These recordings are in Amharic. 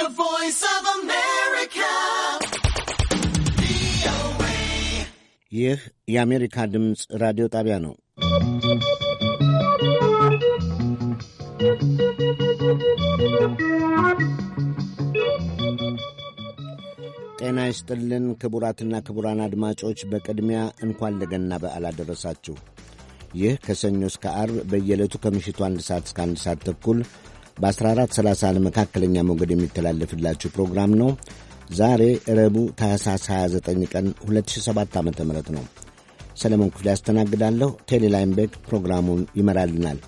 The Voice of America. ይህ የአሜሪካ ድምፅ ራዲዮ ጣቢያ ነው። ጤና ይስጥልን ክቡራትና ክቡራን አድማጮች፣ በቅድሚያ እንኳን ለገና በዓል አደረሳችሁ። ይህ ከሰኞ እስከ አርብ በየዕለቱ ከምሽቱ አንድ ሰዓት እስከ አንድ ሰዓት ተኩል በ1430 መካከለኛ ሞገድ የሚተላለፍላችሁ ፕሮግራም ነው። ዛሬ ረቡ ታህሳስ 29 ቀን 2007 ዓ ም ነው። ሰለሞን ክፍል ያስተናግዳለሁ። ቴሌላይምቤክ ፕሮግራሙን ይመራልናል።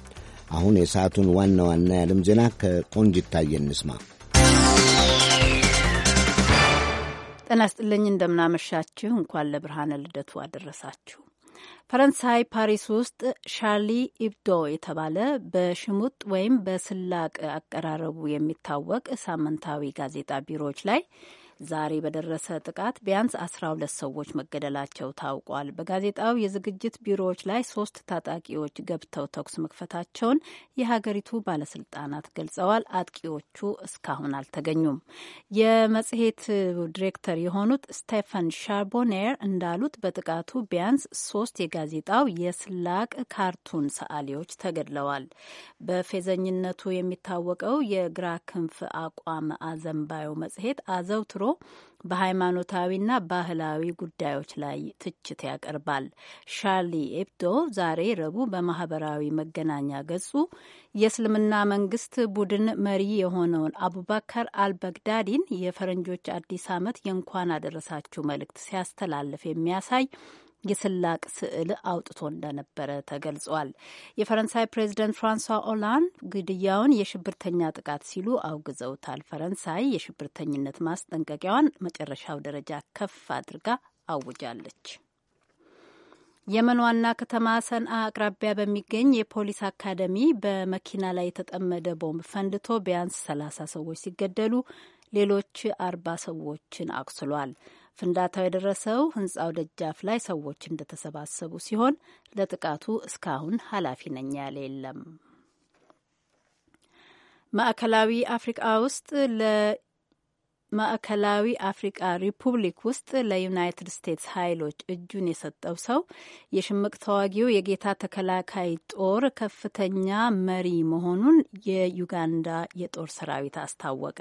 አሁን የሰዓቱን ዋና ዋና የዓለም ዜና ከቆንጅ ታየ እንስማ። ጤና ይስጥልኝ እንደምናመሻችሁ። እንኳን ለብርሃነ ልደቱ አደረሳችሁ። ፈረንሳይ ፓሪስ ውስጥ ሻርሊ ኢብዶ የተባለ በሽሙጥ ወይም በስላቅ አቀራረቡ የሚታወቅ ሳምንታዊ ጋዜጣ ቢሮዎች ላይ ዛሬ በደረሰ ጥቃት ቢያንስ 12 ሰዎች መገደላቸው ታውቋል። በጋዜጣው የዝግጅት ቢሮዎች ላይ ሶስት ታጣቂዎች ገብተው ተኩስ መክፈታቸውን የሀገሪቱ ባለስልጣናት ገልጸዋል። አጥቂዎቹ እስካሁን አልተገኙም። የመጽሔት ዲሬክተር የሆኑት ስቴፈን ሻርቦኔር እንዳሉት በጥቃቱ ቢያንስ ሶስት የጋዜጣው የስላቅ ካርቱን ሰዓሊዎች ተገድለዋል። በፌዘኝነቱ የሚታወቀው የግራ ክንፍ አቋም አዘንባዩ መጽሔት አዘውትሮ በሃይማኖታዊና ባህላዊ ጉዳዮች ላይ ትችት ያቀርባል። ሻርሊ ኤብዶ ዛሬ ረቡዕ በማህበራዊ መገናኛ ገጹ የእስልምና መንግስት ቡድን መሪ የሆነውን አቡበከር አልበግዳዲን የፈረንጆች አዲስ ዓመት የእንኳን አደረሳችሁ መልእክት ሲያስተላልፍ የሚያሳይ የስላቅ ስዕል አውጥቶ እንደነበረ ተገልጿል። የፈረንሳይ ፕሬዚደንት ፍራንሷ ኦላንድ ግድያውን የሽብርተኛ ጥቃት ሲሉ አውግዘውታል። ፈረንሳይ የሽብርተኝነት ማስጠንቀቂያዋን መጨረሻው ደረጃ ከፍ አድርጋ አውጃለች። የመን ዋና ከተማ ሰንአ አቅራቢያ በሚገኝ የፖሊስ አካደሚ በመኪና ላይ የተጠመደ ቦምብ ፈንድቶ ቢያንስ ሰላሳ ሰዎች ሲገደሉ ሌሎች አርባ ሰዎችን አቁስሏል። ፍንዳታው የደረሰው ህንጻው ደጃፍ ላይ ሰዎች እንደተሰባሰቡ ሲሆን ለጥቃቱ እስካሁን ኃላፊ ነኝ ያለ የለም። ማዕከላዊ አፍሪካ ውስጥ ማዕከላዊ አፍሪቃ ሪፑብሊክ ውስጥ ለዩናይትድ ስቴትስ ኃይሎች እጁን የሰጠው ሰው የሽምቅ ተዋጊው የጌታ ተከላካይ ጦር ከፍተኛ መሪ መሆኑን የዩጋንዳ የጦር ሰራዊት አስታወቀ።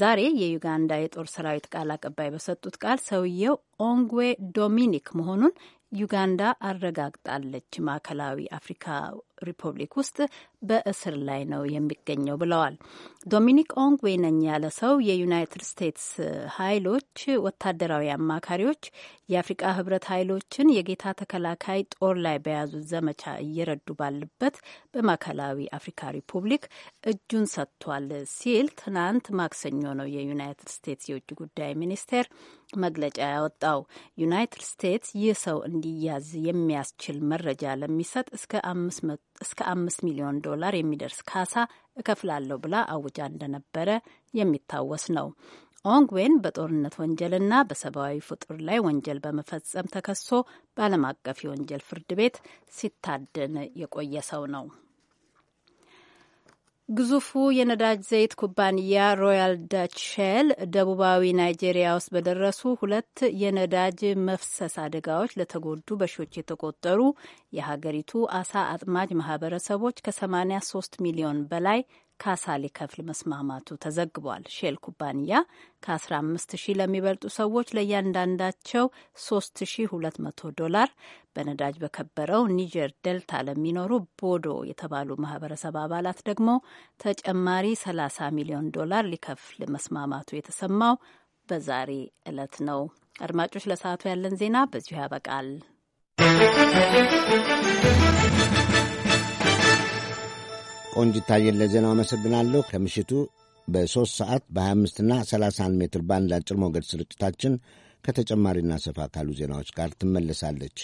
ዛሬ የዩጋንዳ የጦር ሰራዊት ቃል አቀባይ በሰጡት ቃል ሰውየው ኦንግዌ ዶሚኒክ መሆኑን ዩጋንዳ አረጋግጣለች ማዕከላዊ አፍሪካ ሪፐብሊክ ውስጥ በእስር ላይ ነው የሚገኘው ብለዋል። ዶሚኒክ ኦንግዌ ነኝ ያለ ሰው የዩናይትድ ስቴትስ ኃይሎች ወታደራዊ አማካሪዎች የአፍሪቃ ህብረት ኃይሎችን የጌታ ተከላካይ ጦር ላይ በያዙት ዘመቻ እየረዱ ባሉበት በማዕከላዊ አፍሪካ ሪፑብሊክ እጁን ሰጥቷል ሲል ትናንት ማክሰኞ ነው የዩናይትድ ስቴትስ የውጭ ጉዳይ ሚኒስቴር መግለጫ ያወጣው ዩናይትድ ስቴትስ ይህ ሰው እንዲያዝ የሚያስችል መረጃ ለሚሰጥ እስከ አምስት ሚሊዮን ዶላር የሚደርስ ካሳ እከፍላለሁ ብላ አውጃ እንደነበረ የሚታወስ ነው። ኦንግዌን በጦርነት ወንጀልና በሰብአዊ ፍጡር ላይ ወንጀል በመፈጸም ተከሶ በዓለም አቀፍ የወንጀል ፍርድ ቤት ሲታደን የቆየ ሰው ነው። ግዙፉ የነዳጅ ዘይት ኩባንያ ሮያል ዳች ሼል ደቡባዊ ናይጄሪያ ውስጥ በደረሱ ሁለት የነዳጅ መፍሰስ አደጋዎች ለተጎዱ በሺዎች የተቆጠሩ የሀገሪቱ አሳ አጥማጅ ማህበረሰቦች ከ83 ሚሊዮን በላይ ካሳ ሊከፍል መስማማቱ ተዘግቧል። ሼል ኩባንያ ከ15 ሺህ ለሚበልጡ ሰዎች ለእያንዳንዳቸው 3200 ዶላር በነዳጅ በከበረው ኒጀር ዴልታ ለሚኖሩ ቦዶ የተባሉ ማህበረሰብ አባላት ደግሞ ተጨማሪ 30 ሚሊዮን ዶላር ሊከፍል መስማማቱ የተሰማው በዛሬ ዕለት ነው። አድማጮች፣ ለሰዓቱ ያለን ዜና በዚሁ ያበቃል። ቆንጅታዬን ለዜናው አመሰግናለሁ። ከምሽቱ በሦስት ሰዓት በ25ና 31 ሜትር ባንድ አጭር ሞገድ ስርጭታችን ከተጨማሪና ሰፋ ካሉ ዜናዎች ጋር ትመለሳለች።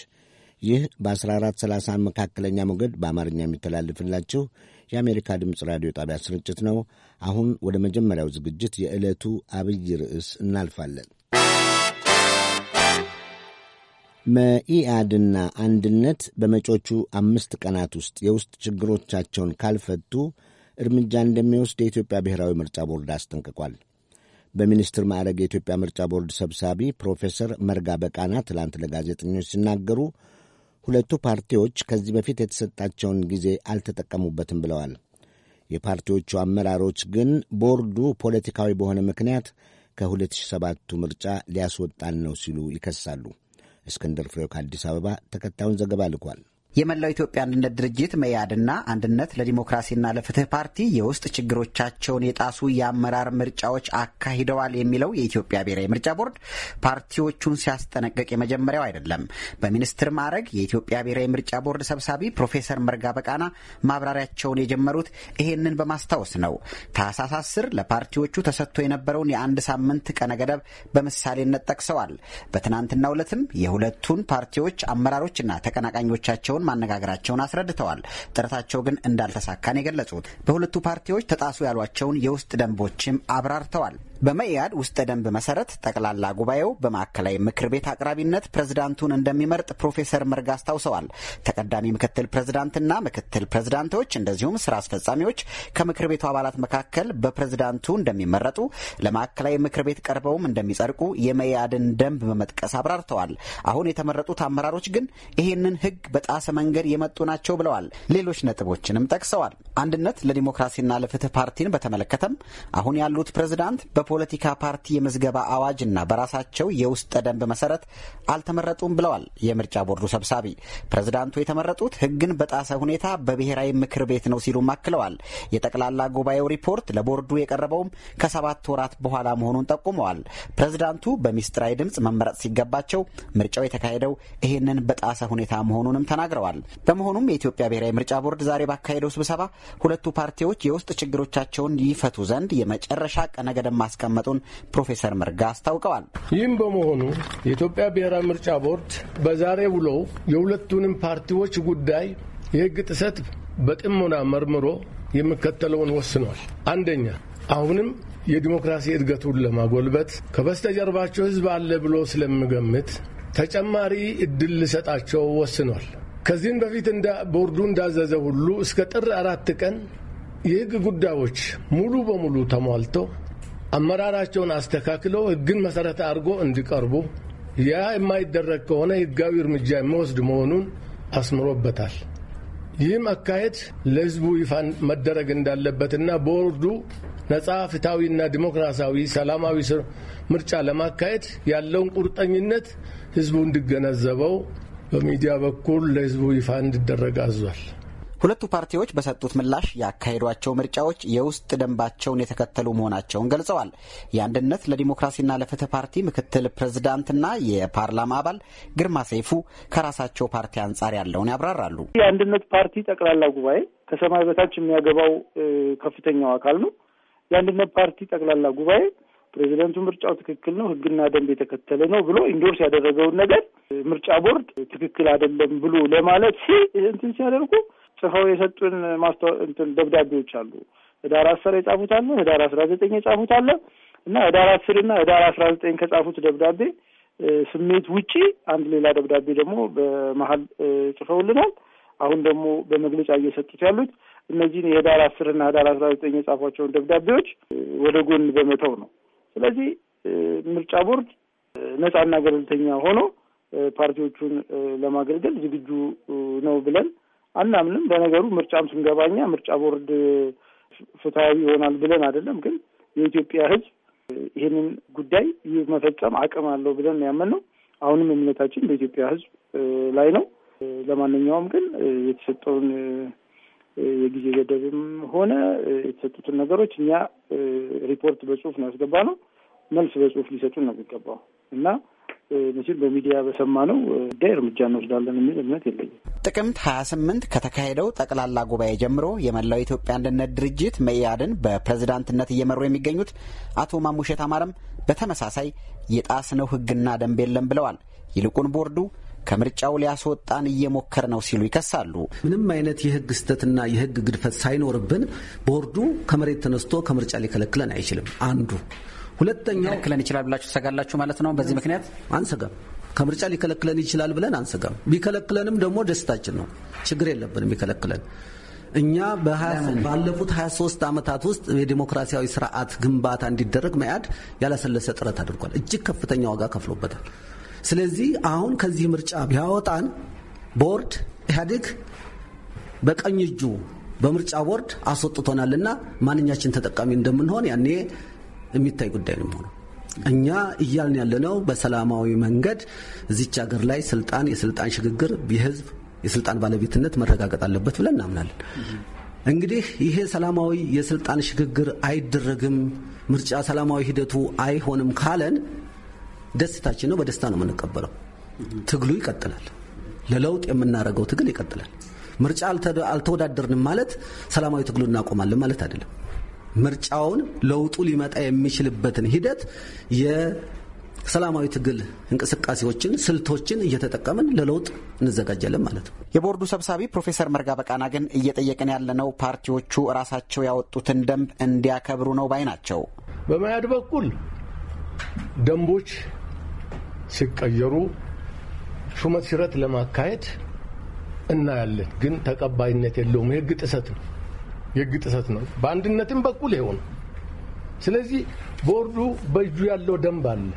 ይህ በ1430 መካከለኛ ሞገድ በአማርኛ የሚተላልፍላችሁ የአሜሪካ ድምፅ ራዲዮ ጣቢያ ስርጭት ነው። አሁን ወደ መጀመሪያው ዝግጅት የዕለቱ አብይ ርዕስ እናልፋለን። መኢአድና አንድነት በመጪዎቹ አምስት ቀናት ውስጥ የውስጥ ችግሮቻቸውን ካልፈቱ እርምጃ እንደሚወስድ የኢትዮጵያ ብሔራዊ ምርጫ ቦርድ አስጠንቅቋል። በሚኒስትር ማዕረግ የኢትዮጵያ ምርጫ ቦርድ ሰብሳቢ ፕሮፌሰር መርጋ በቃና ትላንት ለጋዜጠኞች ሲናገሩ ሁለቱ ፓርቲዎች ከዚህ በፊት የተሰጣቸውን ጊዜ አልተጠቀሙበትም ብለዋል። የፓርቲዎቹ አመራሮች ግን ቦርዱ ፖለቲካዊ በሆነ ምክንያት ከ2007ቱ ምርጫ ሊያስወጣን ነው ሲሉ ይከሳሉ። እስክንድር ፍሬው ከአዲስ አበባ ተከታዩን ዘገባ ልኳል። የመላው ኢትዮጵያ አንድነት ድርጅት መያድና አንድነት ለዲሞክራሲና ለፍትህ ፓርቲ የውስጥ ችግሮቻቸውን የጣሱ የአመራር ምርጫዎች አካሂደዋል የሚለው የኢትዮጵያ ብሔራዊ ምርጫ ቦርድ ፓርቲዎቹን ሲያስጠነቅቅ የመጀመሪያው አይደለም። በሚኒስትር ማዕረግ የኢትዮጵያ ብሔራዊ ምርጫ ቦርድ ሰብሳቢ ፕሮፌሰር መርጋ በቃና ማብራሪያቸውን የጀመሩት ይሄንን በማስታወስ ነው። ታህሳስ አስር ለፓርቲዎቹ ተሰጥቶ የነበረውን የአንድ ሳምንት ቀነ ገደብ በምሳሌነት ጠቅሰዋል። በትናንትናው ዕለትም የሁለቱን ፓርቲዎች አመራሮችና ተቀናቃኞቻቸውን መንግስትን ማነጋገራቸውን አስረድተዋል። ጥረታቸው ግን እንዳልተሳካን የገለጹት በሁለቱ ፓርቲዎች ተጣሱ ያሏቸውን የውስጥ ደንቦችም አብራርተዋል። በመኢአድ ውስጥ ደንብ መሰረት ጠቅላላ ጉባኤው በማዕከላዊ ምክር ቤት አቅራቢነት ፕሬዝዳንቱን እንደሚመርጥ ፕሮፌሰር መርጋ አስታውሰዋል። ተቀዳሚ ምክትል ፕሬዝዳንትና ምክትል ፕሬዝዳንቶች እንደዚሁም ስራ አስፈጻሚዎች ከምክር ቤቱ አባላት መካከል በፕሬዝዳንቱ እንደሚመረጡ፣ ለማዕከላዊ ምክር ቤት ቀርበውም እንደሚጸድቁ የመኢአድን ደንብ በመጥቀስ አብራርተዋል። አሁን የተመረጡት አመራሮች ግን ይህንን ህግ በጣሰ መንገድ የመጡ ናቸው ብለዋል። ሌሎች ነጥቦችንም ጠቅሰዋል። አንድነት ለዲሞክራሲና ለፍትህ ፓርቲን በተመለከተም አሁን ያሉት ፕሬዝዳንት በፖለቲካ ፓርቲ የምዝገባ አዋጅና በራሳቸው የውስጥ ደንብ መሰረት አልተመረጡም ብለዋል የምርጫ ቦርዱ ሰብሳቢ። ፕሬዝዳንቱ የተመረጡት ህግን በጣሰ ሁኔታ በብሔራዊ ምክር ቤት ነው ሲሉም አክለዋል። የጠቅላላ ጉባኤው ሪፖርት ለቦርዱ የቀረበውም ከሰባት ወራት በኋላ መሆኑን ጠቁመዋል። ፕሬዝዳንቱ በሚስጥራዊ ድምፅ መመረጥ ሲገባቸው ምርጫው የተካሄደው ይህንን በጣሰ ሁኔታ መሆኑንም ተናግረዋል። ቀርበዋል። በመሆኑም የኢትዮጵያ ብሔራዊ ምርጫ ቦርድ ዛሬ ባካሄደው ስብሰባ ሁለቱ ፓርቲዎች የውስጥ ችግሮቻቸውን ይፈቱ ዘንድ የመጨረሻ ቀነ ገደብ ማስቀመጡን ፕሮፌሰር መርጋ አስታውቀዋል። ይህም በመሆኑ የኢትዮጵያ ብሔራዊ ምርጫ ቦርድ በዛሬ ውሎው የሁለቱንም ፓርቲዎች ጉዳይ የህግ ጥሰት በጥሞና መርምሮ የሚከተለውን ወስኗል። አንደኛ አሁንም የዲሞክራሲ እድገቱን ለማጎልበት ከበስተጀርባቸው ህዝብ አለ ብሎ ስለምገምት ተጨማሪ እድል ልሰጣቸው ወስኗል። ከዚህም በፊት ቦርዱ እንዳዘዘ ሁሉ እስከ ጥር አራት ቀን የህግ ጉዳዮች ሙሉ በሙሉ ተሟልቶ አመራራቸውን አስተካክሎ ህግን መሠረተ አድርጎ እንዲቀርቡ ያ የማይደረግ ከሆነ ህጋዊ እርምጃ የሚወስድ መሆኑን አስምሮበታል። ይህም አካሄድ ለህዝቡ ይፋ መደረግ እንዳለበትና ቦርዱ ነጻ ፍትሐዊና ዲሞክራሲያዊ ሰላማዊ ምርጫ ለማካሄድ ያለውን ቁርጠኝነት ህዝቡ እንዲገነዘበው በሚዲያ በኩል ለህዝቡ ይፋ እንዲደረግ አዟል። ሁለቱ ፓርቲዎች በሰጡት ምላሽ ያካሄዷቸው ምርጫዎች የውስጥ ደንባቸውን የተከተሉ መሆናቸውን ገልጸዋል። የአንድነት ለዲሞክራሲና ለፍትህ ፓርቲ ምክትል ፕሬዝዳንትና የፓርላማ አባል ግርማ ሰይፉ ከራሳቸው ፓርቲ አንጻር ያለውን ያብራራሉ። የአንድነት ፓርቲ ጠቅላላ ጉባኤ ከሰማይ በታች የሚያገባው ከፍተኛው አካል ነው። የአንድነት ፓርቲ ጠቅላላ ጉባኤ ፕሬዚደንቱ ምርጫው ትክክል ነው፣ ህግና ደንብ የተከተለ ነው ብሎ ኢንዶርስ ያደረገውን ነገር ምርጫ ቦርድ ትክክል አይደለም ብሎ ለማለት ሲ እንትን ሲያደርጉ ጽፈው የሰጡን ማስታወ እንትን ደብዳቤዎች አሉ። ህዳር አስር የጻፉት አለ፣ ህዳር አስራ ዘጠኝ የጻፉት አለ እና ህዳር አስር እና ህዳር አስራ ዘጠኝ ከጻፉት ደብዳቤ ስሜት ውጪ አንድ ሌላ ደብዳቤ ደግሞ በመሀል ጽፈውልናል። አሁን ደግሞ በመግለጫ እየሰጡት ያሉት እነዚህን የህዳር አስርና ህዳር አስራ ዘጠኝ የጻፏቸውን ደብዳቤዎች ወደ ጎን በመተው ነው። ስለዚህ ምርጫ ቦርድ ነጻና ገለልተኛ ሆኖ ፓርቲዎቹን ለማገልገል ዝግጁ ነው ብለን አናምንም። ለነገሩ ምርጫም ስንገባኛ ምርጫ ቦርድ ፍትሐዊ ይሆናል ብለን አይደለም፣ ግን የኢትዮጵያ ሕዝብ ይህንን ጉዳይ መፈጸም አቅም አለው ብለን ነው። አሁንም እምነታችን በኢትዮጵያ ሕዝብ ላይ ነው። ለማንኛውም ግን የተሰጠውን የጊዜ ገደብም ሆነ የተሰጡትን ነገሮች እኛ ሪፖርት በጽሁፍ ነው ያስገባ ነው። መልስ በጽሁፍ ሊሰጡን ነው የሚገባው እና ምስል በሚዲያ በሰማ ነው ጉዳይ እርምጃ እንወስዳለን የሚል እምነት የለኝም። ጥቅምት ሀያ ስምንት ከተካሄደው ጠቅላላ ጉባኤ ጀምሮ የመላው ኢትዮጵያ አንድነት ድርጅት መኢአድን በፕሬዝዳንትነት እየመሩ የሚገኙት አቶ ማሙሸት አማረም በተመሳሳይ የጣስነው ሕግና ደንብ የለም ብለዋል። ይልቁን ቦርዱ ከምርጫው ሊያስወጣን እየሞከረ ነው ሲሉ ይከሳሉ። ምንም አይነት የህግ ስህተትና የህግ ግድፈት ሳይኖርብን ቦርዱ ከመሬት ተነስቶ ከምርጫ ሊከለክለን አይችልም። አንዱ ሁለተኛው ሊከለክለን ይችላል ብላችሁ ትሰጋላችሁ ማለት ነው። በዚህ ምክንያት አንሰጋም። ከምርጫ ሊከለክለን ይችላል ብለን አንሰጋም። ቢከለክለንም ደግሞ ደስታችን ነው። ችግር የለብንም ቢከለክለን እኛ ባለፉት 23 ዓመታት ውስጥ የዲሞክራሲያዊ ስርዓት ግንባታ እንዲደረግ መያድ ያላሰለሰ ጥረት አድርጓል። እጅግ ከፍተኛ ዋጋ ከፍሎበታል። ስለዚህ አሁን ከዚህ ምርጫ ቢያወጣን ቦርድ ኢህአዴግ በቀኝ እጁ በምርጫ ቦርድ አስወጥቶናልና ማንኛችን ተጠቃሚ እንደምንሆን ያኔ የሚታይ ጉዳይ ነው የሚሆነው። እኛ እያልን ያለነው በሰላማዊ መንገድ እዚች ሀገር ላይ ስልጣን የስልጣን ሽግግር የህዝብ የስልጣን ባለቤትነት መረጋገጥ አለበት ብለን እናምናለን። እንግዲህ ይሄ ሰላማዊ የስልጣን ሽግግር አይደረግም፣ ምርጫ ሰላማዊ ሂደቱ አይሆንም ካለን ደስታችን ነው። በደስታ ነው የምንቀበለው። ትግሉ ይቀጥላል። ለለውጥ የምናደርገው ትግል ይቀጥላል። ምርጫ አልተወዳደርንም ማለት ሰላማዊ ትግሉ እናቆማለን ማለት አይደለም። ምርጫውን ለውጡ ሊመጣ የሚችልበትን ሂደት የሰላማዊ ትግል እንቅስቃሴዎችን፣ ስልቶችን እየተጠቀምን ለለውጥ እንዘጋጃለን ማለት ነው። የቦርዱ ሰብሳቢ ፕሮፌሰር መርጋ በቃና ግን እየጠየቅን ያለነው ፓርቲዎቹ ራሳቸው ያወጡትን ደንብ እንዲያከብሩ ነው ባይ ናቸው። በመያድ በኩል ደንቦች ሲቀየሩ ሹመት ሽረት ለማካሄድ እናያለን። ግን ተቀባይነት የለውም። የህግ ጥሰት ነው። የህግ ጥሰት ነው። በአንድነትም በኩል ይሆን። ስለዚህ ቦርዱ በእጁ ያለው ደንብ አለ።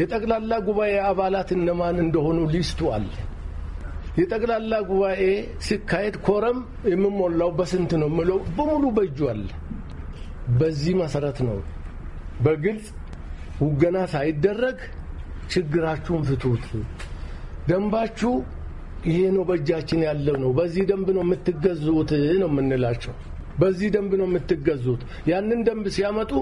የጠቅላላ ጉባኤ አባላት እነማን እንደሆኑ ሊስቱ አለ። የጠቅላላ ጉባኤ ሲካሄድ ኮረም የምሞላው በስንት ነው ምለው በሙሉ በእጁ አለ። በዚህ መሰረት ነው በግልጽ ውገና ሳይደረግ ችግራችሁን ፍቱት። ደንባችሁ ይሄ ነው፣ በእጃችን ያለው ነው። በዚህ ደንብ ነው የምትገዙት ነው የምንላቸው። በዚህ ደንብ ነው የምትገዙት። ያንን ደንብ ሲያመጡ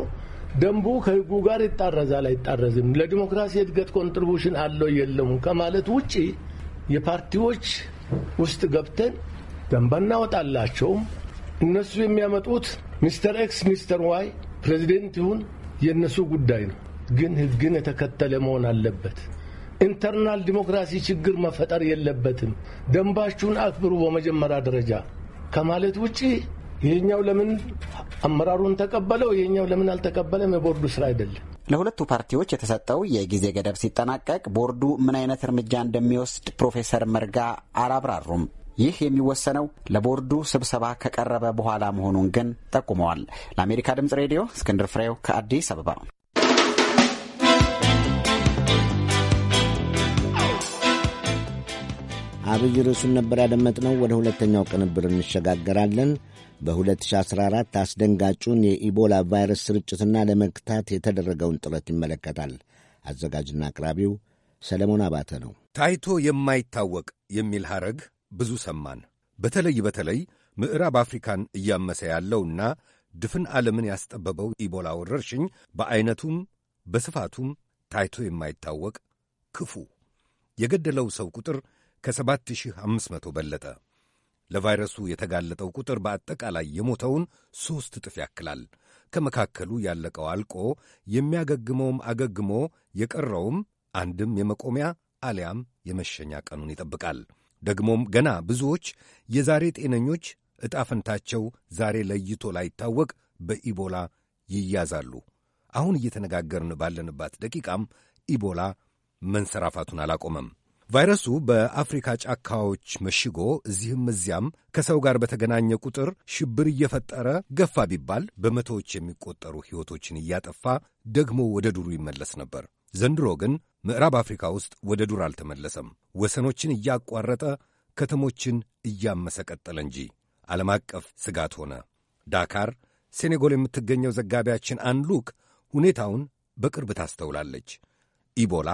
ደንቡ ከህጉ ጋር ይጣረዛል አይጣረዝም፣ ለዲሞክራሲ እድገት ኮንትሪቡሽን አለው የለም ከማለት ውጪ የፓርቲዎች ውስጥ ገብተን ደንብ እናወጣላቸውም። እነሱ የሚያመጡት ሚስተር ኤክስ ሚስተር ዋይ ፕሬዚደንት ይሁን የእነሱ ጉዳይ ነው። ግን ህግን የተከተለ መሆን አለበት። ኢንተርናል ዲሞክራሲ ችግር መፈጠር የለበትም። ደንባችሁን አክብሩ በመጀመሪያ ደረጃ ከማለት ውጪ ይህኛው ለምን አመራሩን ተቀበለው፣ ይህኛው ለምን አልተቀበለም የቦርዱ ስራ አይደለም። ለሁለቱ ፓርቲዎች የተሰጠው የጊዜ ገደብ ሲጠናቀቅ ቦርዱ ምን አይነት እርምጃ እንደሚወስድ ፕሮፌሰር መርጋ አላብራሩም። ይህ የሚወሰነው ለቦርዱ ስብሰባ ከቀረበ በኋላ መሆኑን ግን ጠቁመዋል። ለአሜሪካ ድምጽ ሬዲዮ እስክንድር ፍሬው ከአዲስ አበባ አብይ ርዕሱን ነበር ያደመጥነው። ወደ ሁለተኛው ቅንብር እንሸጋገራለን። በ2014 አስደንጋጩን የኢቦላ ቫይረስ ስርጭትና ለመግታት የተደረገውን ጥረት ይመለከታል። አዘጋጅና አቅራቢው ሰለሞን አባተ ነው። ታይቶ የማይታወቅ የሚል ሐረግ ብዙ ሰማን። በተለይ በተለይ ምዕራብ አፍሪካን እያመሰ ያለውና ድፍን ዓለምን ያስጠበበው ኢቦላ ወረርሽኝ በዐይነቱም በስፋቱም ታይቶ የማይታወቅ ክፉ የገደለው ሰው ቁጥር ከ7500 በለጠ። ለቫይረሱ የተጋለጠው ቁጥር በአጠቃላይ የሞተውን ሦስት እጥፍ ያክላል። ከመካከሉ ያለቀው አልቆ የሚያገግመውም አገግሞ የቀረውም አንድም የመቆሚያ አሊያም የመሸኛ ቀኑን ይጠብቃል። ደግሞም ገና ብዙዎች የዛሬ ጤነኞች ዕጣ ፈንታቸው ዛሬ ለይቶ ላይታወቅ በኢቦላ ይያዛሉ። አሁን እየተነጋገርን ባለንባት ደቂቃም ኢቦላ መንሰራፋቱን አላቆመም። ቫይረሱ በአፍሪካ ጫካዎች መሽጎ እዚህም እዚያም ከሰው ጋር በተገናኘ ቁጥር ሽብር እየፈጠረ ገፋ ቢባል በመቶዎች የሚቆጠሩ ሕይወቶችን እያጠፋ ደግሞ ወደ ዱሩ ይመለስ ነበር። ዘንድሮ ግን ምዕራብ አፍሪካ ውስጥ ወደ ዱር አልተመለሰም፣ ወሰኖችን እያቋረጠ ከተሞችን እያመሰ ቀጠለ እንጂ ዓለም አቀፍ ስጋት ሆነ። ዳካር ሴኔጎል የምትገኘው ዘጋቢያችን አንሉክ ሁኔታውን በቅርብ ታስተውላለች። ኢቦላ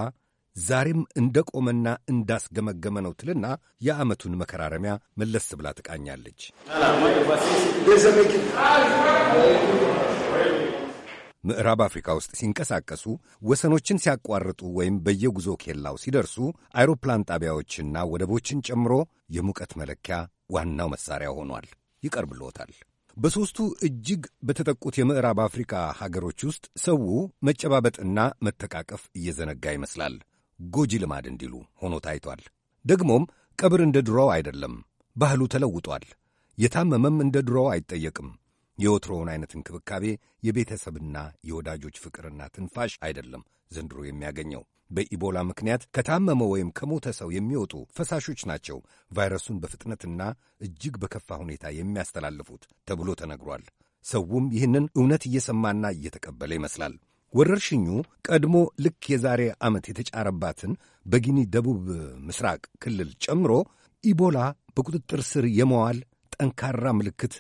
ዛሬም እንደ ቆመና እንዳስገመገመ ነው ትልና የዓመቱን መከራረሚያ መለስ ብላ ትቃኛለች። ምዕራብ አፍሪካ ውስጥ ሲንቀሳቀሱ ወሰኖችን ሲያቋርጡ ወይም በየጉዞ ኬላው ሲደርሱ አይሮፕላን ጣቢያዎችና ወደቦችን ጨምሮ የሙቀት መለኪያ ዋናው መሳሪያ ሆኗል። ይቀርብሎታል። በሦስቱ እጅግ በተጠቁት የምዕራብ አፍሪካ ሀገሮች ውስጥ ሰው መጨባበጥና መተቃቀፍ እየዘነጋ ይመስላል። ጎጂ ልማድ እንዲሉ ሆኖ ታይቷል። ደግሞም ቀብር እንደ ድሮው አይደለም፣ ባህሉ ተለውጧል። የታመመም እንደ ድሮው አይጠየቅም። የወትሮውን አይነት እንክብካቤ የቤተሰብና የወዳጆች ፍቅርና ትንፋሽ አይደለም ዘንድሮ የሚያገኘው። በኢቦላ ምክንያት ከታመመ ወይም ከሞተ ሰው የሚወጡ ፈሳሾች ናቸው ቫይረሱን በፍጥነትና እጅግ በከፋ ሁኔታ የሚያስተላልፉት ተብሎ ተነግሯል። ሰውም ይህንን እውነት እየሰማና እየተቀበለ ይመስላል። ወረርሽኙ ቀድሞ ልክ የዛሬ ዓመት የተጫረባትን በጊኒ ደቡብ ምስራቅ ክልል ጨምሮ ኢቦላ በቁጥጥር ስር የመዋል ጠንካራ ምልክት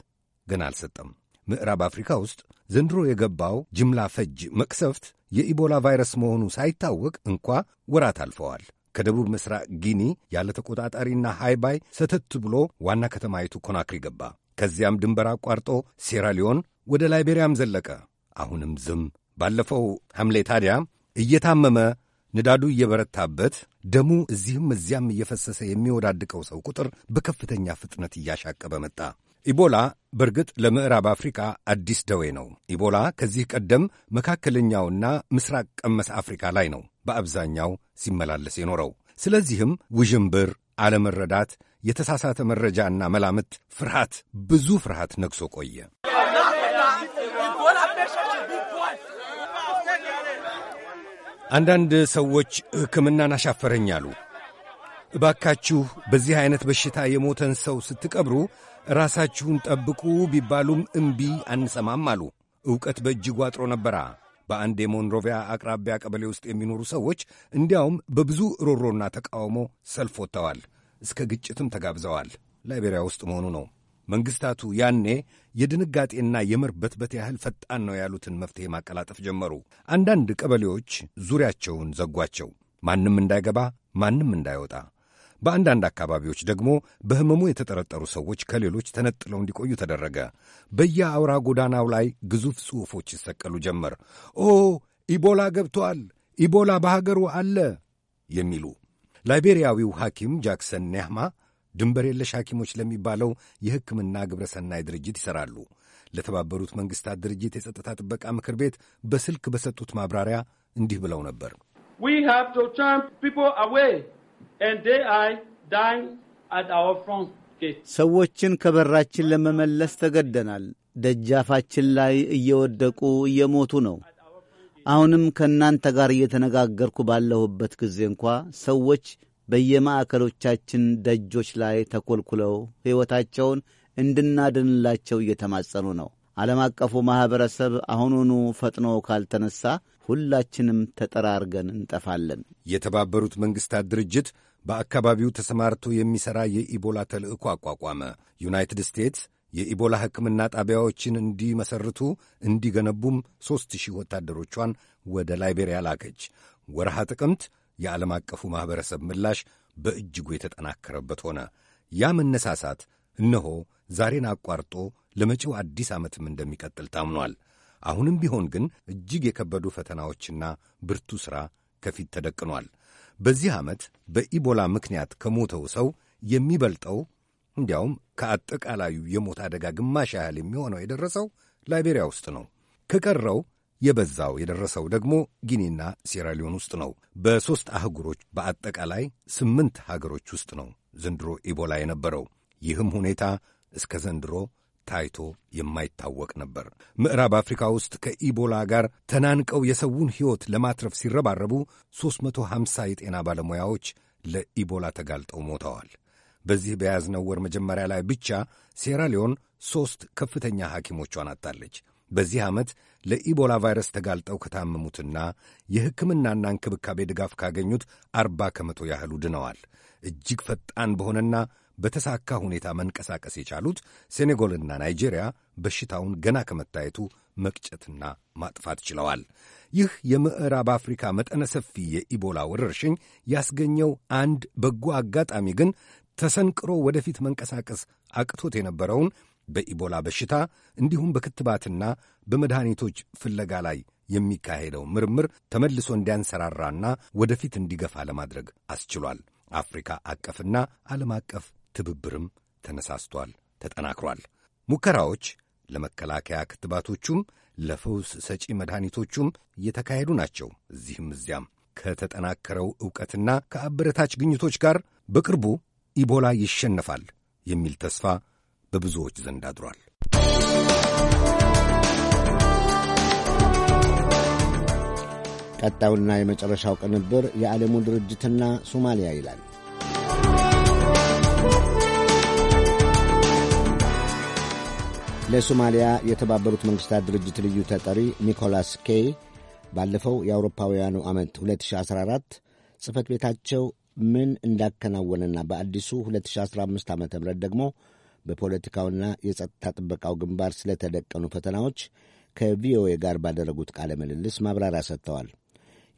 ገና አልሰጠም። ምዕራብ አፍሪካ ውስጥ ዘንድሮ የገባው ጅምላ ፈጅ መቅሰፍት የኢቦላ ቫይረስ መሆኑ ሳይታወቅ እንኳ ወራት አልፈዋል። ከደቡብ ምስራቅ ጊኒ ያለ ተቆጣጣሪና ሃይባይ ሰተት ብሎ ዋና ከተማይቱ ኮናክሪ ገባ። ከዚያም ድንበር አቋርጦ ሴራሊዮን ወደ ላይቤሪያም ዘለቀ። አሁንም ዝም ባለፈው ሐምሌ ታዲያ እየታመመ ንዳዱ እየበረታበት ደሙ እዚህም እዚያም እየፈሰሰ የሚወዳድቀው ሰው ቁጥር በከፍተኛ ፍጥነት እያሻቀበ መጣ። ኢቦላ በእርግጥ ለምዕራብ አፍሪካ አዲስ ደዌ ነው። ኢቦላ ከዚህ ቀደም መካከለኛውና ምስራቅ ቀመስ አፍሪካ ላይ ነው በአብዛኛው ሲመላለስ የኖረው። ስለዚህም ውዥንብር፣ አለመረዳት፣ የተሳሳተ መረጃና መላምት፣ ፍርሃት፣ ብዙ ፍርሃት ነግሶ ቆየ። አንዳንድ ሰዎች ሕክምናን አሻፈረኝ አሉ። እባካችሁ በዚህ ዐይነት በሽታ የሞተን ሰው ስትቀብሩ ራሳችሁን ጠብቁ ቢባሉም እምቢ አንሰማም አሉ። ዕውቀት በእጅጉ አጥሮ ነበራ። በአንድ የሞንሮቪያ አቅራቢያ ቀበሌ ውስጥ የሚኖሩ ሰዎች እንዲያውም በብዙ ሮሮና ተቃውሞ ሰልፍ ወጥተዋል። እስከ ግጭትም ተጋብዘዋል። ላይቤሪያ ውስጥ መሆኑ ነው። መንግሥታቱ ያኔ የድንጋጤና የመርበትበት ያህል ፈጣን ነው ያሉትን መፍትሔ ማቀላጠፍ ጀመሩ። አንዳንድ ቀበሌዎች ዙሪያቸውን ዘጓቸው። ማንም እንዳይገባ፣ ማንም እንዳይወጣ። በአንዳንድ አካባቢዎች ደግሞ በሕመሙ የተጠረጠሩ ሰዎች ከሌሎች ተነጥለው እንዲቆዩ ተደረገ። በየአውራ ጎዳናው ላይ ግዙፍ ጽሑፎች ይሰቀሉ ጀመር። ኦ ኢቦላ ገብቷል፣ ኢቦላ በሀገሩ አለ የሚሉ ላይቤሪያዊው ሐኪም ጃክሰን ኒያህማ። ድንበር የለሽ ሐኪሞች ለሚባለው የሕክምና ግብረ ሰናይ ድርጅት ይሠራሉ። ለተባበሩት መንግሥታት ድርጅት የጸጥታ ጥበቃ ምክር ቤት በስልክ በሰጡት ማብራሪያ እንዲህ ብለው ነበር። ሰዎችን ከበራችን ለመመለስ ተገደናል። ደጃፋችን ላይ እየወደቁ እየሞቱ ነው። አሁንም ከእናንተ ጋር እየተነጋገርኩ ባለሁበት ጊዜ እንኳ ሰዎች በየማዕከሎቻችን ደጆች ላይ ተኰልኩለው ሕይወታቸውን እንድናድንላቸው እየተማጸኑ ነው። ዓለም አቀፉ ማኅበረሰብ አሁኑኑ ፈጥኖ ካልተነሣ ሁላችንም ተጠራርገን እንጠፋለን። የተባበሩት መንግሥታት ድርጅት በአካባቢው ተሰማርቶ የሚሠራ የኢቦላ ተልዕኮ አቋቋመ። ዩናይትድ ስቴትስ የኢቦላ ሕክምና ጣቢያዎችን እንዲመሠርቱ እንዲገነቡም ሦስት ሺህ ወታደሮቿን ወደ ላይቤሪያ ላከች። ወርሃ ጥቅምት የዓለም አቀፉ ማኅበረሰብ ምላሽ በእጅጉ የተጠናከረበት ሆነ። ያ መነሳሳት እነሆ ዛሬን አቋርጦ ለመጪው አዲስ ዓመትም እንደሚቀጥል ታምኗል። አሁንም ቢሆን ግን እጅግ የከበዱ ፈተናዎችና ብርቱ ሥራ ከፊት ተደቅኗል። በዚህ ዓመት በኢቦላ ምክንያት ከሞተው ሰው የሚበልጠው እንዲያውም ከአጠቃላዩ የሞት አደጋ ግማሽ ያህል የሚሆነው የደረሰው ላይቤሪያ ውስጥ ነው። ከቀረው የበዛው የደረሰው ደግሞ ጊኒና ሴራሊዮን ውስጥ ነው። በሦስት አህጉሮች በአጠቃላይ ስምንት ሀገሮች ውስጥ ነው ዘንድሮ ኢቦላ የነበረው። ይህም ሁኔታ እስከ ዘንድሮ ታይቶ የማይታወቅ ነበር። ምዕራብ አፍሪካ ውስጥ ከኢቦላ ጋር ተናንቀው የሰውን ሕይወት ለማትረፍ ሲረባረቡ 350 የጤና ባለሙያዎች ለኢቦላ ተጋልጠው ሞተዋል። በዚህ በያዝነው ወር መጀመሪያ ላይ ብቻ ሴራሊዮን ሦስት ከፍተኛ ሐኪሞቿን አጣለች። በዚህ ዓመት ለኢቦላ ቫይረስ ተጋልጠው ከታመሙትና የሕክምናና እንክብካቤ ድጋፍ ካገኙት አርባ ከመቶ ያህሉ ድነዋል። እጅግ ፈጣን በሆነና በተሳካ ሁኔታ መንቀሳቀስ የቻሉት ሴኔጎልና ናይጄሪያ በሽታውን ገና ከመታየቱ መቅጨትና ማጥፋት ችለዋል። ይህ የምዕራብ አፍሪካ መጠነ ሰፊ የኢቦላ ወረርሽኝ ያስገኘው አንድ በጎ አጋጣሚ ግን ተሰንቅሮ ወደፊት መንቀሳቀስ አቅቶት የነበረውን በኢቦላ በሽታ እንዲሁም በክትባትና በመድኃኒቶች ፍለጋ ላይ የሚካሄደው ምርምር ተመልሶ እንዲያንሰራራና ወደፊት እንዲገፋ ለማድረግ አስችሏል። አፍሪካ አቀፍና ዓለም አቀፍ ትብብርም ተነሳስቷል፣ ተጠናክሯል። ሙከራዎች ለመከላከያ ክትባቶቹም ለፈውስ ሰጪ መድኃኒቶቹም እየተካሄዱ ናቸው። እዚህም እዚያም ከተጠናከረው ዕውቀትና ከአበረታች ግኝቶች ጋር በቅርቡ ኢቦላ ይሸነፋል የሚል ተስፋ በብዙዎች ዘንድ አድሯል። ቀጣዩና የመጨረሻው ቅንብር የዓለሙ ድርጅትና ሶማሊያ ይላል። ለሶማሊያ የተባበሩት መንግሥታት ድርጅት ልዩ ተጠሪ ኒኮላስ ኬይ ባለፈው የአውሮፓውያኑ ዓመት 2014 ጽሕፈት ቤታቸው ምን እንዳከናወነና በአዲሱ 2015 ዓ ም ደግሞ በፖለቲካውና የጸጥታ ጥበቃው ግንባር ስለተደቀኑ ፈተናዎች ከቪኦኤ ጋር ባደረጉት ቃለ ምልልስ ማብራሪያ ሰጥተዋል።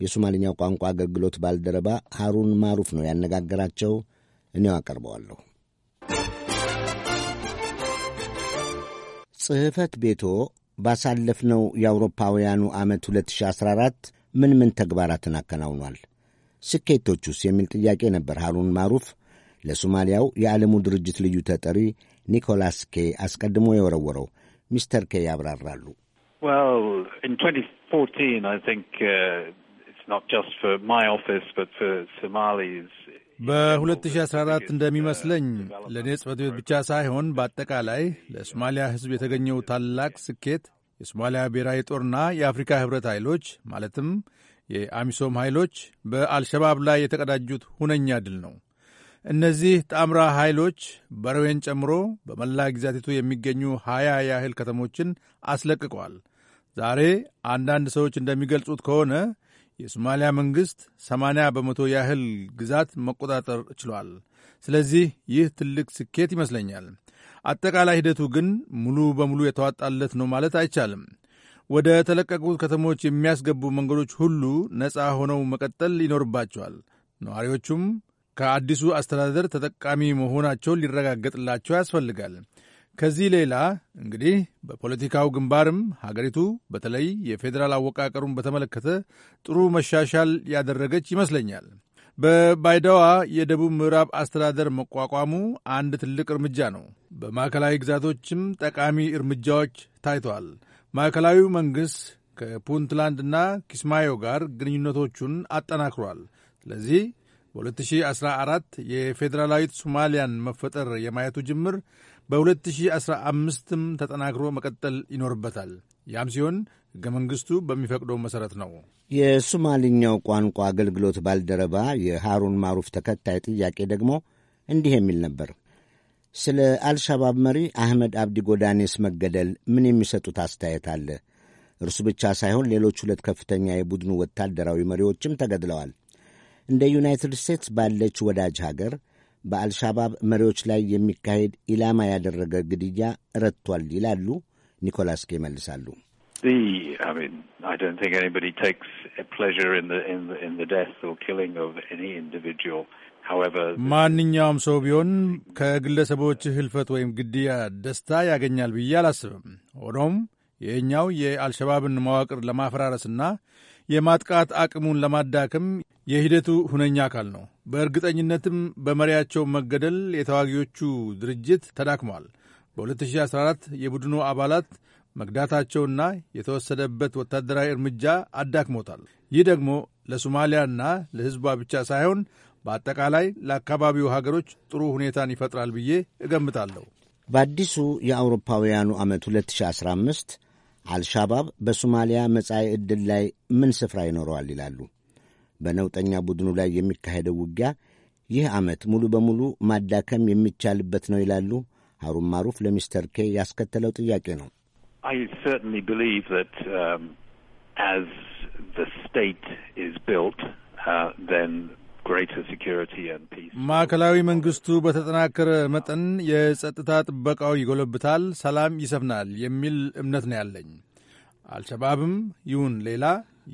የሶማልኛው ቋንቋ አገልግሎት ባልደረባ ሐሩን ማሩፍ ነው ያነጋገራቸው። እኔው አቀርበዋለሁ። ጽሕፈት ቤቶ ባሳለፍነው የአውሮፓውያኑ ዓመት 2014 ምን ምን ተግባራትን አከናውኗል? ስኬቶቹስ? የሚል ጥያቄ ነበር ሐሩን ማሩፍ ለሶማሊያው የዓለሙ ድርጅት ልዩ ተጠሪ ኒኮላስ ኬ አስቀድሞ የወረወረው ሚስተር ኬ ያብራራሉ። uh, በ2014 እንደሚመስለኝ ለእኔ ጽሕፈት ቤት ብቻ ሳይሆን በአጠቃላይ ለሶማሊያ ሕዝብ የተገኘው ታላቅ ስኬት የሶማሊያ ብሔራዊ ጦርና የአፍሪካ ህብረት ኃይሎች ማለትም የአሚሶም ኃይሎች በአልሸባብ ላይ የተቀዳጁት ሁነኛ ድል ነው። እነዚህ ጣምራ ኃይሎች በርዌን ጨምሮ በመላ ግዛቲቱ የሚገኙ ሀያ ያህል ከተሞችን አስለቅቀዋል። ዛሬ አንዳንድ ሰዎች እንደሚገልጹት ከሆነ የሶማሊያ መንግሥት 80 በመቶ ያህል ግዛት መቆጣጠር ችሏል። ስለዚህ ይህ ትልቅ ስኬት ይመስለኛል። አጠቃላይ ሂደቱ ግን ሙሉ በሙሉ የተዋጣለት ነው ማለት አይቻልም። ወደ ተለቀቁት ከተሞች የሚያስገቡ መንገዶች ሁሉ ነፃ ሆነው መቀጠል ይኖርባቸዋል። ነዋሪዎቹም ከአዲሱ አስተዳደር ተጠቃሚ መሆናቸው ሊረጋገጥላቸው ያስፈልጋል። ከዚህ ሌላ እንግዲህ በፖለቲካው ግንባርም ሀገሪቱ በተለይ የፌዴራል አወቃቀሩን በተመለከተ ጥሩ መሻሻል ያደረገች ይመስለኛል። በባይዳዋ የደቡብ ምዕራብ አስተዳደር መቋቋሙ አንድ ትልቅ እርምጃ ነው። በማዕከላዊ ግዛቶችም ጠቃሚ እርምጃዎች ታይተዋል። ማዕከላዊው መንግሥት ከፑንትላንድና ኪስማዮ ጋር ግንኙነቶቹን አጠናክሯል። ስለዚህ በ2014 የፌዴራላዊት ሶማሊያን መፈጠር የማየቱ ጅምር በ2015ም ተጠናክሮ መቀጠል ይኖርበታል። ያም ሲሆን ሕገ መንግሥቱ በሚፈቅደው መሠረት ነው። የሶማሊኛው ቋንቋ አገልግሎት ባልደረባ የሃሩን ማሩፍ ተከታይ ጥያቄ ደግሞ እንዲህ የሚል ነበር። ስለ አልሻባብ መሪ አህመድ አብዲ ጎዳኔስ መገደል ምን የሚሰጡት አስተያየት አለ? እርሱ ብቻ ሳይሆን ሌሎች ሁለት ከፍተኛ የቡድኑ ወታደራዊ መሪዎችም ተገድለዋል። እንደ ዩናይትድ ስቴትስ ባለች ወዳጅ ሀገር በአልሻባብ መሪዎች ላይ የሚካሄድ ኢላማ ያደረገ ግድያ ረድቷል ይላሉ። ኒኮላስ ኬ ይመልሳሉ። ማንኛውም ሰው ቢሆን ከግለሰቦች ህልፈት ወይም ግድያ ደስታ ያገኛል ብዬ አላስብም። ሆኖም የእኛው የአልሸባብን መዋቅር ለማፈራረስና የማጥቃት አቅሙን ለማዳከም የሂደቱ ሁነኛ አካል ነው። በእርግጠኝነትም በመሪያቸው መገደል የተዋጊዎቹ ድርጅት ተዳክሟል። በ2014 የቡድኑ አባላት መግዳታቸውና የተወሰደበት ወታደራዊ እርምጃ አዳክሞታል። ይህ ደግሞ ለሶማሊያና ለሕዝቧ ብቻ ሳይሆን በአጠቃላይ ለአካባቢው ሀገሮች ጥሩ ሁኔታን ይፈጥራል ብዬ እገምታለሁ። በአዲሱ የአውሮፓውያኑ ዓመት 2015 አልሻባብ በሶማሊያ መጻኢ ዕድል ላይ ምን ስፍራ ይኖረዋል ይላሉ። በነውጠኛ ቡድኑ ላይ የሚካሄደው ውጊያ ይህ ዓመት ሙሉ በሙሉ ማዳከም የሚቻልበት ነው ይላሉ። አሩም ማሩፍ ለሚስተር ኬ ያስከተለው ጥያቄ ነው። ማዕከላዊ መንግስቱ በተጠናከረ መጠን የጸጥታ ጥበቃው ይጎለብታል፣ ሰላም ይሰፍናል የሚል እምነት ነው ያለኝ። አልሸባብም ይሁን ሌላ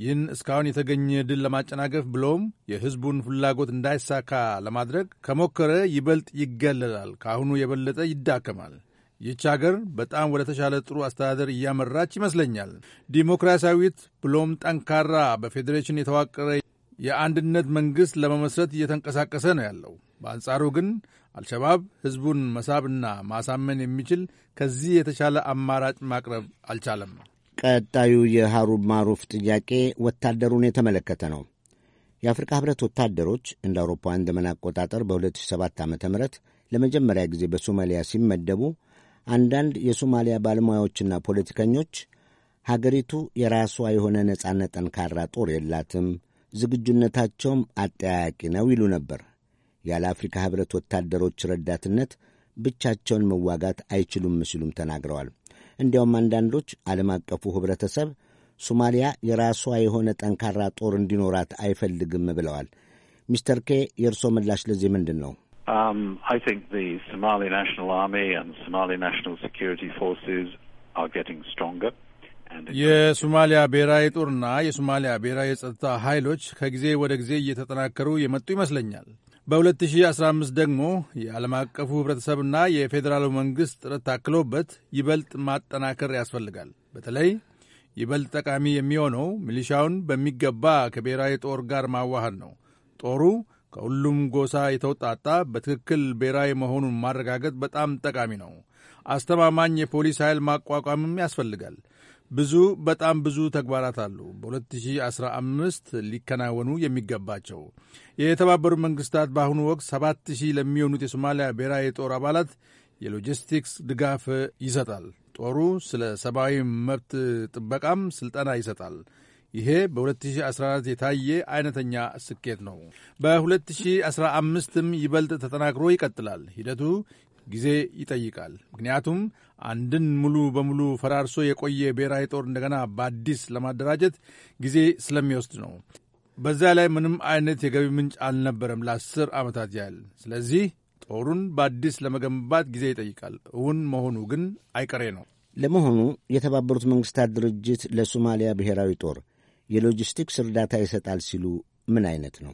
ይህን እስካሁን የተገኘ ድል ለማጨናገፍ ብሎም የሕዝቡን ፍላጎት እንዳይሳካ ለማድረግ ከሞከረ ይበልጥ ይገለላል፣ ከአሁኑ የበለጠ ይዳከማል። ይህች አገር በጣም ወደ ተሻለ ጥሩ አስተዳደር እያመራች ይመስለኛል። ዲሞክራሲያዊት ብሎም ጠንካራ በፌዴሬሽን የተዋቀረ የአንድነት መንግሥት ለመመስረት እየተንቀሳቀሰ ነው ያለው። በአንጻሩ ግን አልሸባብ ሕዝቡን መሳብና ማሳመን የሚችል ከዚህ የተሻለ አማራጭ ማቅረብ አልቻለም። ቀጣዩ የሃሩብ ማሩፍ ጥያቄ ወታደሩን የተመለከተ ነው። የአፍሪካ ኅብረት ወታደሮች እንደ አውሮፓውያን ዘመን አቆጣጠር በ2007 ዓ ም ለመጀመሪያ ጊዜ በሶማሊያ ሲመደቡ አንዳንድ የሶማሊያ ባለሙያዎችና ፖለቲከኞች ሀገሪቱ የራሷ የሆነ ነጻነት ጠንካራ ጦር የላትም ዝግጁነታቸውም አጠያያቂ ነው ይሉ ነበር። ያለ አፍሪካ ህብረት ወታደሮች ረዳትነት ብቻቸውን መዋጋት አይችሉም ሲሉም ተናግረዋል። እንዲያውም አንዳንዶች ዓለም አቀፉ ህብረተሰብ ሶማሊያ የራሷ የሆነ ጠንካራ ጦር እንዲኖራት አይፈልግም ብለዋል። ሚስተር ኬ የእርስዎ ምላሽ ለዚህ ምንድን ነው? ሶማሊ ናሽናል አርሚ ሶማሊ ናሽናል ሴኪሪቲ ፎርስ አር ጌቲንግ ስትሮንገር የሶማሊያ ብሔራዊ ጦርና የሶማሊያ ብሔራዊ የጸጥታ ኃይሎች ከጊዜ ወደ ጊዜ እየተጠናከሩ የመጡ ይመስለኛል። በ2015 ደግሞ የዓለም አቀፉ ህብረተሰብና የፌዴራሉ መንግሥት ጥረት ታክሎበት ይበልጥ ማጠናከር ያስፈልጋል። በተለይ ይበልጥ ጠቃሚ የሚሆነው ሚሊሻውን በሚገባ ከብሔራዊ ጦር ጋር ማዋሃድ ነው። ጦሩ ከሁሉም ጎሳ የተውጣጣ በትክክል ብሔራዊ መሆኑን ማረጋገጥ በጣም ጠቃሚ ነው። አስተማማኝ የፖሊስ ኃይል ማቋቋምም ያስፈልጋል። ብዙ በጣም ብዙ ተግባራት አሉ በ2015 ሊከናወኑ የሚገባቸው። የተባበሩት መንግስታት በአሁኑ ወቅት 7000 ለሚሆኑት የሶማሊያ ብሔራዊ የጦር አባላት የሎጂስቲክስ ድጋፍ ይሰጣል። ጦሩ ስለ ሰብአዊ መብት ጥበቃም ስልጠና ይሰጣል። ይሄ በ2014 የታየ አይነተኛ ስኬት ነው። በ2015ም ይበልጥ ተጠናክሮ ይቀጥላል። ሂደቱ ጊዜ ይጠይቃል። ምክንያቱም አንድን ሙሉ በሙሉ ፈራርሶ የቆየ ብሔራዊ ጦር እንደገና በአዲስ ለማደራጀት ጊዜ ስለሚወስድ ነው። በዛ ላይ ምንም አይነት የገቢ ምንጭ አልነበረም ለአስር ዓመታት ያህል። ስለዚህ ጦሩን በአዲስ ለመገንባት ጊዜ ይጠይቃል። እውን መሆኑ ግን አይቀሬ ነው። ለመሆኑ የተባበሩት መንግሥታት ድርጅት ለሶማሊያ ብሔራዊ ጦር የሎጂስቲክስ እርዳታ ይሰጣል ሲሉ ምን አይነት ነው?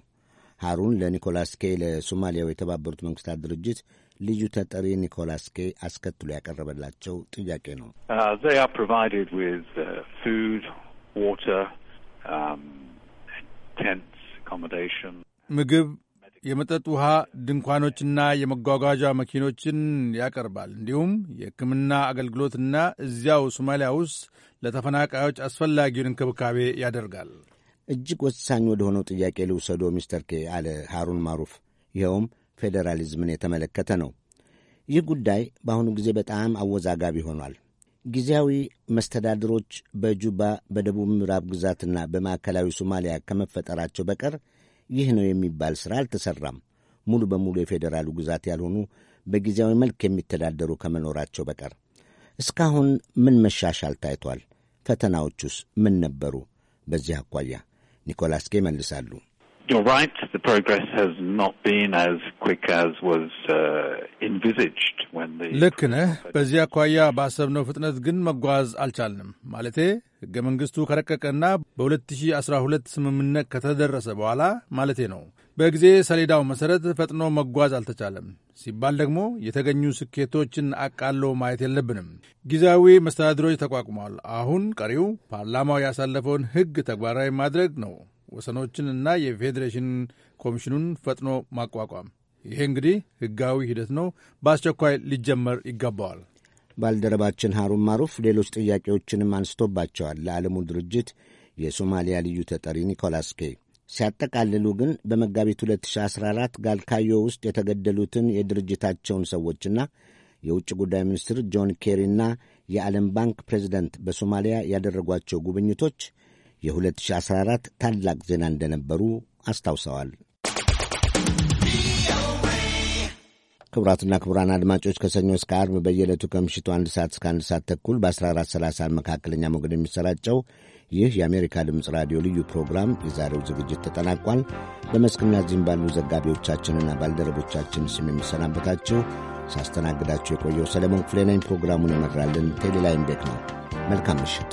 ሃሩን ለኒኮላስ ኬ ለሶማሊያው የተባበሩት መንግሥታት ድርጅት ልዩ ተጠሪ ኒኮላስ ኬ አስከትሎ ያቀረበላቸው ጥያቄ ነው። uh, uh, um, ምግብ፣ የመጠጥ ውሃ፣ ድንኳኖችና የመጓጓዣ መኪኖችን ያቀርባል። እንዲሁም የሕክምና አገልግሎትና እዚያው ሶማሊያ ውስጥ ለተፈናቃዮች አስፈላጊውን እንክብካቤ ያደርጋል። እጅግ ወሳኝ ወደ ሆነው ጥያቄ ልውሰዶ ሚስተር ኬ አለ ሃሩን ማሩፍ። ይኸውም ፌዴራሊዝምን የተመለከተ ነው። ይህ ጉዳይ በአሁኑ ጊዜ በጣም አወዛጋቢ ሆኗል። ጊዜያዊ መስተዳድሮች በጁባ በደቡብ ምዕራብ ግዛትና በማዕከላዊ ሶማሊያ ከመፈጠራቸው በቀር ይህ ነው የሚባል ሥራ አልተሠራም፣ ሙሉ በሙሉ የፌዴራሉ ግዛት ያልሆኑ በጊዜያዊ መልክ የሚተዳደሩ ከመኖራቸው በቀር። እስካሁን ምን መሻሻል ታይቷል? ፈተናዎቹስ ምን ነበሩ? በዚህ አኳያ ኒኮላስ ኬ ይመልሳሉ። you're right, the progress has not been as quick as was uh, envisaged when the ልክ ነህ። በዚህ አኳያ ባሰብነው ፍጥነት ግን መጓዝ አልቻልንም። ማለቴ ሕገ መንግሥቱ ከረቀቀና በ2012 ስምምነት ከተደረሰ በኋላ ማለቴ ነው። በጊዜ ሰሌዳው መሰረት ፈጥኖ መጓዝ አልተቻለም ሲባል ደግሞ የተገኙ ስኬቶችን አቃሎ ማየት የለብንም። ጊዜያዊ መስተዳድሮች ተቋቁመዋል። አሁን ቀሪው ፓርላማው ያሳለፈውን ህግ ተግባራዊ ማድረግ ነው። ወሰኖችንና የፌዴሬሽን ኮሚሽኑን ፈጥኖ ማቋቋም። ይሄ እንግዲህ ህጋዊ ሂደት ነው፣ በአስቸኳይ ሊጀመር ይገባዋል። ባልደረባችን ሐሩን ማሩፍ ሌሎች ጥያቄዎችንም አንስቶባቸዋል ለዓለሙ ድርጅት የሶማሊያ ልዩ ተጠሪ ኒኮላስ ኬ ሲያጠቃልሉ ግን በመጋቢት 2014 ጋልካዮ ውስጥ የተገደሉትን የድርጅታቸውን ሰዎችና የውጭ ጉዳይ ሚኒስትር ጆን ኬሪና የዓለም ባንክ ፕሬዚደንት በሶማሊያ ያደረጓቸው ጉብኝቶች የ2014 ታላቅ ዜና እንደነበሩ አስታውሰዋል። ክቡራትና ክቡራን አድማጮች ከሰኞ እስከ አርብ በየዕለቱ ከምሽቱ አንድ ሰዓት እስከ አንድ ሰዓት ተኩል በ1430 መካከለኛ ሞገድ የሚሰራጨው ይህ የአሜሪካ ድምፅ ራዲዮ ልዩ ፕሮግራም የዛሬው ዝግጅት ተጠናቋል። በመስክና እዚህም ባሉ ዘጋቢዎቻችንና ባልደረቦቻችን ስም የሚሰናበታችሁ ሳስተናግዳችሁ የቆየው ሰለሞን ክፍሌ ነኝ። ፕሮግራሙን ይመራልን ቴሌላይም ቤክ ነው። መልካም ምሽት።